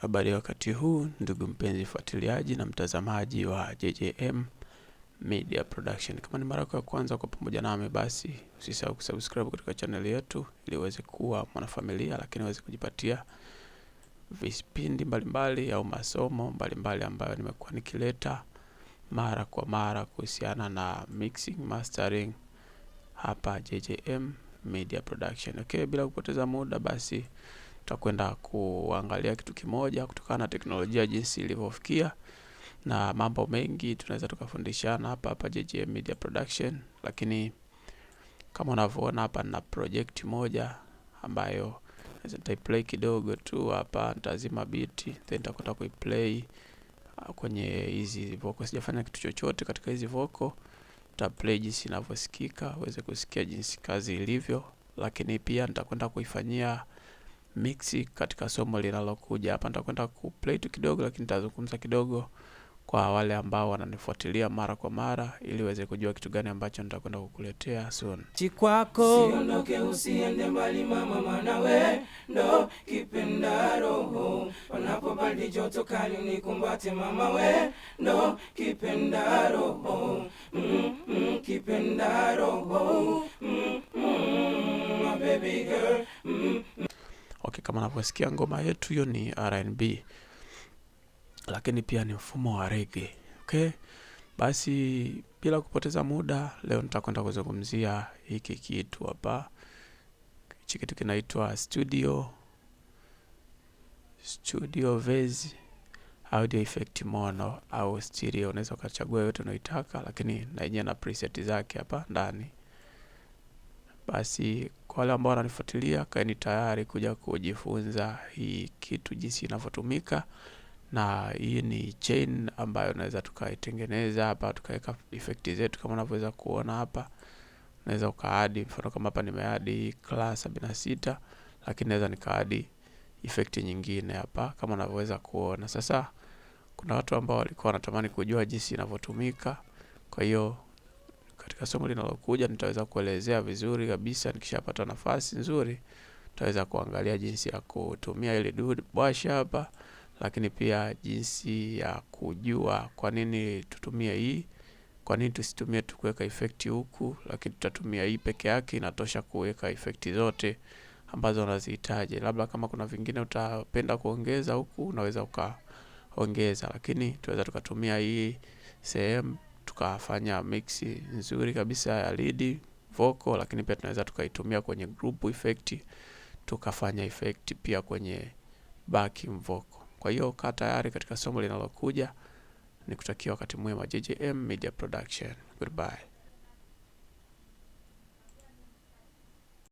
Habari ya wakati huu, ndugu mpenzi mfuatiliaji na mtazamaji wa JJM Media Production. Kama ni mara yako ya kwanza kwa pamoja nami, basi usisahau kusubscribe katika chaneli yetu ili uweze kuwa mwanafamilia, lakini uweze kujipatia vipindi mbalimbali au masomo mbalimbali mbali ambayo nimekuwa nikileta mara kwa mara kuhusiana na mixing, mastering hapa JJM Media Production. Okay, bila kupoteza muda basi tutakwenda kuangalia kitu kimoja kutokana na teknolojia jinsi ilivyofikia na mambo mengi tunaweza tukafundishana hapa hapa JGM Media Production, lakini kama unavyoona hapa na project moja ambayo nitaiplay kidogo tu hapa, nitazima beat then nitakwenda kuiplay uh, kwenye hizi voko. Sijafanya kitu chochote katika hizi vocal, nitaplay jinsi inavyosikika uweze kusikia jinsi kazi ilivyo, lakini pia nitakwenda kuifanyia mix katika somo linalokuja. Hapa nitakwenda kuplay tu kidogo, lakini nitazungumza kidogo kwa wale ambao wananifuatilia mara kwa mara ili waweze kujua kitu gani ambacho nitakwenda kukuletea soon. Chikwako siondoke, usiende mbali mama, we ndo kipenda roho, panapo baridi joto kali nikumbate mama, we ndo kipenda roho mm, mm, kipenda roho mm, mm, my baby girl mm kama unavyosikia ngoma yetu hiyo ni R&B, lakini pia ni mfumo wa reggae. Okay, basi bila kupoteza muda, leo nitakwenda kuzungumzia hiki kitu hapa. Hichi kitu kinaitwa studio studio vase audio effect mono au stereo. Unaweza ukachagua yote unaitaka, lakini na yenyewe na preset zake hapa ndani basi kwa wale ambao wananifuatilia, kaeni tayari kuja kujifunza hii kitu jinsi inavyotumika, na hii ni chain ambayo naweza tukaitengeneza hapa, tukaweka effect zetu kama unavyoweza kuona hapa. Naweza ukaadi, mfano kama hapa nimeadi class sabini na sita, lakini naweza nikaadi effect nyingine hapa kama unavyoweza kuona. Sasa kuna watu ambao walikuwa wanatamani kujua jinsi inavyotumika, kwa hiyo katika somo linalokuja nitaweza kuelezea vizuri kabisa. Nikishapata nafasi nzuri, tutaweza kuangalia jinsi ya kutumia ile dude bwash hapa, lakini pia jinsi ya kujua kwa nini tutumie hii, kwa nini tusitumie tu kuweka effect huku, lakini tutatumia hii peke yake, inatosha kuweka effect zote ambazo unazihitaji. Labda kama kuna vingine utapenda kuongeza huku, unaweza ukaongeza, lakini tunaweza tukatumia hii sehemu tukafanya mixi nzuri kabisa ya lead vocal, lakini pia tunaweza tukaitumia kwenye group effect, tukafanya effect pia kwenye backing vocal. Kwa hiyo kaa tayari katika somo linalokuja. Nikutakia wakati mwema. JJM Media Production. Goodbye.